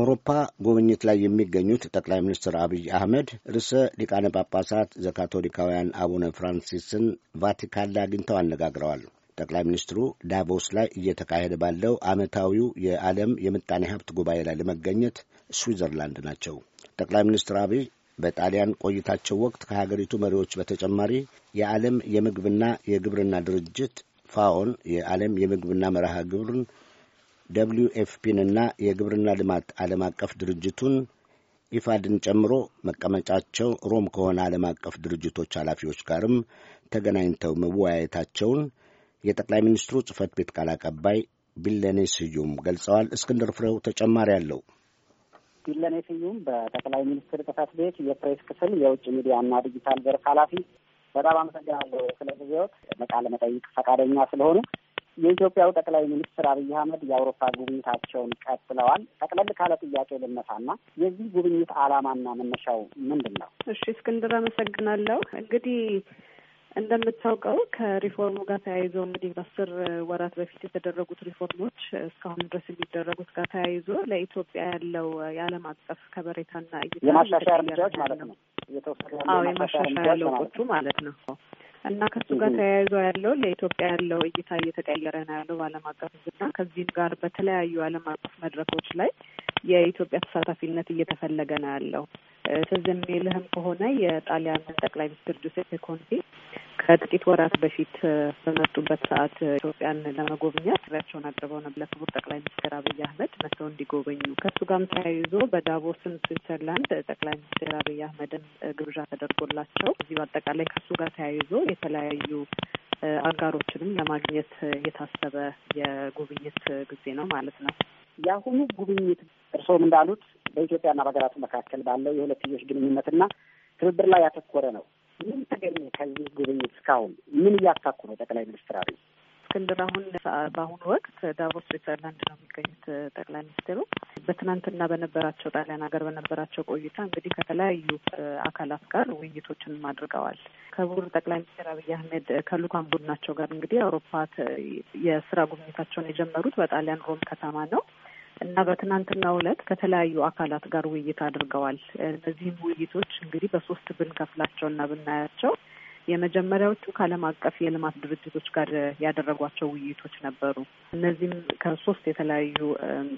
አውሮፓ ጉብኝት ላይ የሚገኙት ጠቅላይ ሚኒስትር አብይ አህመድ ርዕሰ ሊቃነ ጳጳሳት ዘካቶሊካውያን አቡነ ፍራንሲስን ቫቲካን ላይ አግኝተው አነጋግረዋል። ጠቅላይ ሚኒስትሩ ዳቮስ ላይ እየተካሄደ ባለው ዓመታዊው የዓለም የምጣኔ ሀብት ጉባኤ ላይ ለመገኘት ስዊዘርላንድ ናቸው። ጠቅላይ ሚኒስትር አብይ በጣሊያን ቆይታቸው ወቅት ከሀገሪቱ መሪዎች በተጨማሪ የዓለም የምግብና የግብርና ድርጅት ፋኦን የዓለም የምግብና መርሃ ግብርን ደብልዩ ኤፍፒንና የግብርና ልማት ዓለም አቀፍ ድርጅቱን ኢፋድን ጨምሮ መቀመጫቸው ሮም ከሆነ ዓለም አቀፍ ድርጅቶች ኃላፊዎች ጋርም ተገናኝተው መወያየታቸውን የጠቅላይ ሚኒስትሩ ጽህፈት ቤት ቃል አቀባይ ቢለኔ ስዩም ገልጸዋል። እስክንድር ፍሬው ተጨማሪ አለው። ቢለኔ ስዩም በጠቅላይ ሚኒስትር ጽህፈት ቤት የፕሬስ ክፍል የውጭ ሚዲያና ዲጂታል ዘርፍ ኃላፊ፣ በጣም አመሰግናለሁ ስለ ጊዜዎት ለቃለ መጠይቅ ፈቃደኛ ስለሆኑ የኢትዮጵያው ጠቅላይ ሚኒስትር አብይ አህመድ የአውሮፓ ጉብኝታቸውን ቀጥለዋል። ጠቅለል ካለ ጥያቄ ልነሳና የዚህ ጉብኝት ዓላማና መነሻው ምንድን ነው? እሺ እስክንድር አመሰግናለሁ። እንግዲህ እንደምታውቀው ከሪፎርሙ ጋር ተያይዞ እንግዲህ በአስር ወራት በፊት የተደረጉት ሪፎርሞች እስካሁን ድረስ የሚደረጉት ጋር ተያይዞ ለኢትዮጵያ ያለው የዓለም አቀፍ ከበሬታና እይታ የማሻሻያ እርምጃዎች ማለት ነው የተወሰዱ የማሻሻያ ለውጦቹ ማለት ነው እና ከሱ ጋር ተያይዞ ያለው ለኢትዮጵያ ያለው እይታ እየተቀየረ ነው ያለው በዓለም አቀፍ ዝና ከዚህም ጋር በተለያዩ ዓለም አቀፍ መድረኮች ላይ የኢትዮጵያ ተሳታፊነት እየተፈለገ ነው ያለው። ትዝ የሚልህም ከሆነ የጣሊያንን ጠቅላይ ሚኒስትር ጁሴፔ ኮንቲ ከጥቂት ወራት በፊት በመጡበት ሰዓት ኢትዮጵያን ለመጎብኘት ጥሪያቸውን አቅርበው ነበር ለክቡር ጠቅላይ ሚኒስትር አብይ አህመድ መጥተው እንዲጎበኙ። ከእሱ ጋም ተያይዞ በዳቦስን ስዊትዘርላንድ ጠቅላይ ሚኒስትር አብይ አህመድን ግብዣ ተደርጎላቸው እዚሁ አጠቃላይ ከእሱ ጋር ተያይዞ የተለያዩ አጋሮችንም ለማግኘት የታሰበ የጉብኝት ጊዜ ነው ማለት ነው። የአሁኑ ጉብኝት እርስዎም እንዳሉት በኢትዮጵያና በሀገራቱ መካከል ባለው የሁለትዮሽ ግንኙነትና ትብብር ላይ ያተኮረ ነው። ምን ተገኘ ከዚህ ጉብኝት እስካሁን ምን እያሳኩ ነው ጠቅላይ ሚኒስትር አብይ? እስክንድር አሁን በአሁኑ ወቅት ዳቮስ ስዊትዘርላንድ ነው የሚገኙት ጠቅላይ ሚኒስትሩ። በትናንትና በነበራቸው ጣሊያን ሀገር በነበራቸው ቆይታ እንግዲህ ከተለያዩ አካላት ጋር ውይይቶችንም አድርገዋል። ክቡር ጠቅላይ ሚኒስትር አብይ አህመድ ከልኡካን ቡድናቸው ጋር እንግዲህ አውሮፓ የስራ ጉብኝታቸውን የጀመሩት በጣሊያን ሮም ከተማ ነው። እና በትናንትና ዕለት ከተለያዩ አካላት ጋር ውይይት አድርገዋል። እነዚህም ውይይቶች እንግዲህ በሶስት ብንከፍላቸው እና ብናያቸው የመጀመሪያዎቹ ከዓለም አቀፍ የልማት ድርጅቶች ጋር ያደረጓቸው ውይይቶች ነበሩ። እነዚህም ከሶስት የተለያዩ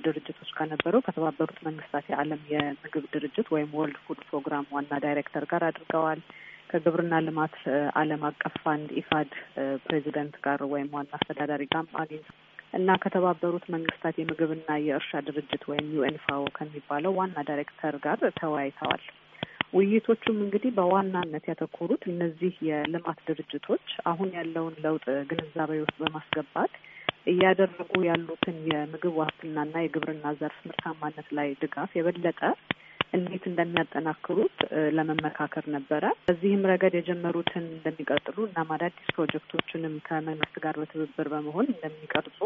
ድርጅቶች ጋር ነበሩ። ከተባበሩት መንግስታት የዓለም የምግብ ድርጅት ወይም ወርልድ ፉድ ፕሮግራም ዋና ዳይሬክተር ጋር አድርገዋል። ከግብርና ልማት ዓለም አቀፍ ፋንድ ኢፋድ ፕሬዚደንት ጋር ወይም ዋና አስተዳዳሪ ጋር አግኝተው እና ከተባበሩት መንግስታት የምግብና የእርሻ ድርጅት ወይም ዩኤንፋኦ ከሚባለው ዋና ዳይሬክተር ጋር ተወያይተዋል። ውይይቶቹም እንግዲህ በዋናነት ያተኮሩት እነዚህ የልማት ድርጅቶች አሁን ያለውን ለውጥ ግንዛቤ ውስጥ በማስገባት እያደረጉ ያሉትን የምግብ ዋስትናና የግብርና ዘርፍ ምርታማነት ላይ ድጋፍ የበለጠ እንዴት እንደሚያጠናክሩት ለመመካከር ነበረ። በዚህም ረገድ የጀመሩትን እንደሚቀጥሉ እና አዳዲስ ፕሮጀክቶችንም ከመንግስት ጋር በትብብር በመሆን እንደሚቀርጹ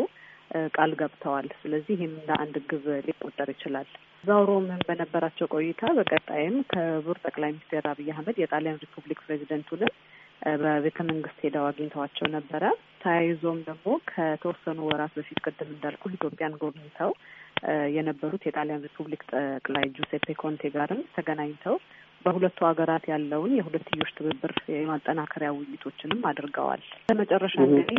ቃል ገብተዋል። ስለዚህ ይህም እንደ አንድ ግብ ሊቆጠር ይችላል። እዛው ሮም በነበራቸው ቆይታ በቀጣይም ከቡር ጠቅላይ ሚኒስትር አብይ አህመድ የጣሊያን ሪፑብሊክ ፕሬዚደንቱንም በቤተ መንግስት ሄደው አግኝተዋቸው ነበረ። ተያይዞም ደግሞ ከተወሰኑ ወራት በፊት ቅድም እንዳልኩ ኢትዮጵያን ጎብኝተው የነበሩት የጣሊያን ሪፑብሊክ ጠቅላይ ጁሴፔ ኮንቴ ጋርም ተገናኝተው በሁለቱ ሀገራት ያለውን የሁለትዮሽ ትብብር የማጠናከሪያ ውይይቶችንም አድርገዋል። ለመጨረሻ እንግዲህ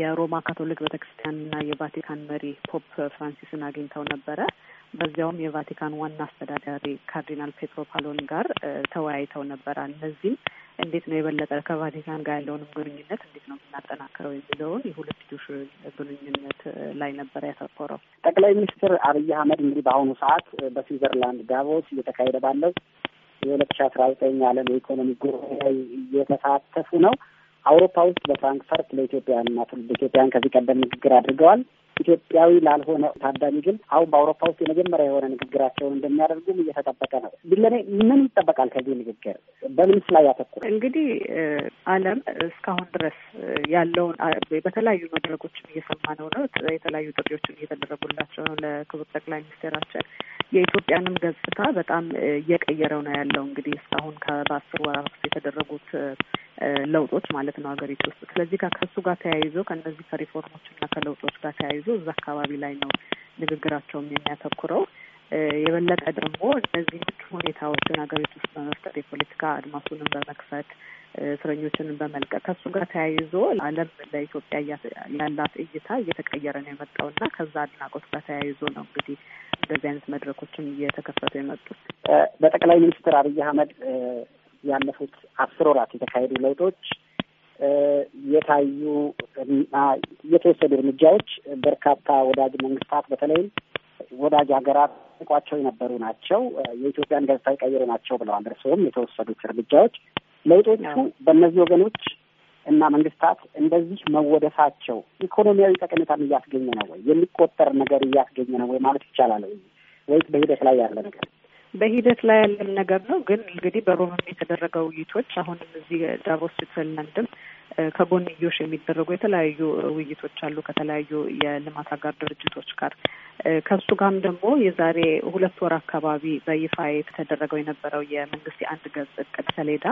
የሮማ ካቶሊክ ቤተክርስቲያንና የቫቲካን መሪ ፖፕ ፍራንሲስን አግኝተው ነበረ። በዚያውም የቫቲካን ዋና አስተዳዳሪ ካርዲናል ፔትሮ ፓሎን ጋር ተወያይተው ነበረ። እነዚህም እንዴት ነው የበለጠ ከቫቲካን ጋር ያለውንም ግንኙነት እንዴት ነው የምናጠናክረው የሚለውን የሁለትዮሽ ግንኙነት ላይ ነበረ ያተኮረው። ጠቅላይ ሚኒስትር አብይ አህመድ እንግዲህ በአሁኑ ሰዓት በስዊዘርላንድ ዳቮስ እየተካሄደ ባለው የሁለት ሺ አስራ ዘጠኝ ዓለም የኢኮኖሚ ጉባኤ ላይ እየተሳተፉ ነው። አውሮፓ ውስጥ በፍራንክፈርት ለኢትዮጵያውያንና ትውልደ ኢትዮጵያውያን ከዚህ ቀደም ንግግር አድርገዋል። ኢትዮጵያዊ ላልሆነ ታዳሚ ግን አሁን በአውሮፓ ውስጥ የመጀመሪያ የሆነ ንግግራቸውን እንደሚያደርጉም እየተጠበቀ ነው። ለእኔ ምን ይጠበቃል ከዚህ ንግግር? በምንስ ላይ ያተኩር? እንግዲህ ዓለም እስካሁን ድረስ ያለውን በተለያዩ መድረኮችን እየሰማ ነው ነው የተለያዩ ጥሪዎችን እየተደረጉላቸው ነው ለክቡር ጠቅላይ ሚኒስቴራችን የኢትዮጵያንም ገጽታ በጣም እየቀየረው ነው ያለው። እንግዲህ እስካሁን በአስር ወራት የተደረጉት ለውጦች ማለት ነው ሀገሪቱ ውስጥ። ስለዚህ ከሱ ጋር ተያይዞ ከእነዚህ ከሪፎርሞች እና ከለውጦች ጋር ተያይዞ እዛ አካባቢ ላይ ነው ንግግራቸውም የሚያተኩረው። የበለጠ ደግሞ እነዚህ ሁኔታዎችን ሀገሪቱ ውስጥ በመፍጠር የፖለቲካ አድማሱንም በመክፈት እስረኞችንም በመልቀቅ ከሱ ጋር ተያይዞ ዓለም ለኢትዮጵያ ያላት እይታ እየተቀየረ ነው የመጣው እና ከዛ አድናቆት ጋር ተያይዞ ነው እንግዲህ እንደዚህ አይነት መድረኮችም እየተከፈቱ የመጡት። በጠቅላይ ሚኒስትር አብይ አህመድ ያለፉት አስር ወራት የተካሄዱ ለውጦች የታዩ እና የተወሰዱ እርምጃዎች በርካታ ወዳጅ መንግስታት በተለይም ወዳጅ ሀገራት ቋቸው የነበሩ ናቸው፣ የኢትዮጵያን ገጽታ የቀየሩ ናቸው ብለዋል። እርስዎም የተወሰዱት እርምጃዎች ለውጦቹ በእነዚህ ወገኖች እና መንግስታት እንደዚህ መወደሳቸው ኢኮኖሚያዊ ጠቀሜታም እያስገኘ ነው ወይ? የሚቆጠር ነገር እያስገኘ ነው ወይ ማለት ይቻላል ወይ? ወይስ በሂደት ላይ ያለ ነገር በሂደት ላይ ያለን ነገር ነው። ግን እንግዲህ በሮምም የተደረገ ውይይቶች አሁንም እዚህ ዳቮስ ስዊትዘርላንድም ከጎንዮሽ የሚደረጉ የተለያዩ ውይይቶች አሉ ከተለያዩ የልማት አጋር ድርጅቶች ጋር። ከሱ ጋርም ደግሞ የዛሬ ሁለት ወር አካባቢ በይፋ የተደረገው የነበረው የመንግስት የአንድ ገጽ እቅድ ሰሌዳ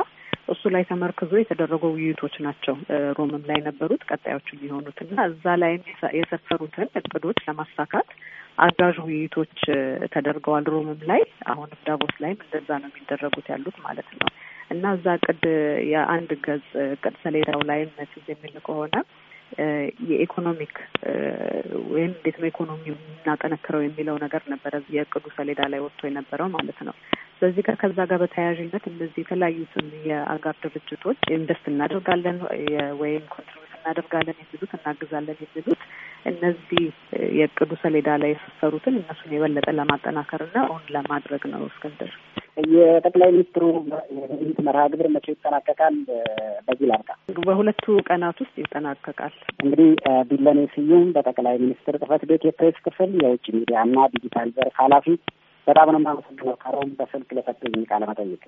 እሱ ላይ ተመርክዞ የተደረጉ ውይይቶች ናቸው ሮምም ላይ ነበሩት ቀጣዮቹ የሚሆኑት እና እዛ ላይም የሰፈሩትን እቅዶች ለማሳካት አጋዥ ውይይቶች ተደርገዋል። ሮምም ላይ አሁንም ዳቦስ ላይም እንደዛ ነው የሚደረጉት ያሉት ማለት ነው እና እዛ ቅድ የአንድ ገጽ ቅድ ሰሌዳው ላይም መስዝ የሚል ከሆነ የኢኮኖሚክ ወይም እንዴት ነው ኢኮኖሚ የምናጠነክረው የሚለው ነገር ነበረ የእቅዱ ሰሌዳ ላይ ወጥቶ የነበረው ማለት ነው። ስለዚህ ከዛ ጋር በተያያዥነት እነዚህ የተለያዩትን የአጋር ድርጅቶች ኢንቨስት እናደርጋለን ወይም ኮንትሪቢዩት እናደርጋለን የሚሉት እናግዛለን የሚሉት እነዚህ የእቅዱ ሰሌዳ ላይ የሰፈሩትን እነሱን የበለጠ ለማጠናከር ለማጠናከርና እውን ለማድረግ ነው። እስክንድር፣ የጠቅላይ ሚኒስትሩ ውይይት መርሃ ግብር መቼ ይጠናቀቃል? በዚህ ላርቃ በሁለቱ ቀናት ውስጥ ይጠናቀቃል። እንግዲህ ቢለኔ ስዩም በጠቅላይ ሚኒስትር ጽህፈት ቤት የፕሬስ ክፍል የውጭ ሚዲያ ሚዲያና ዲጂታል ዘርፍ ኃላፊ፣ በጣም ነው የማመሰግነው ካሮም በስልክ ለሰጡኝ ቃለ መጠይቅ።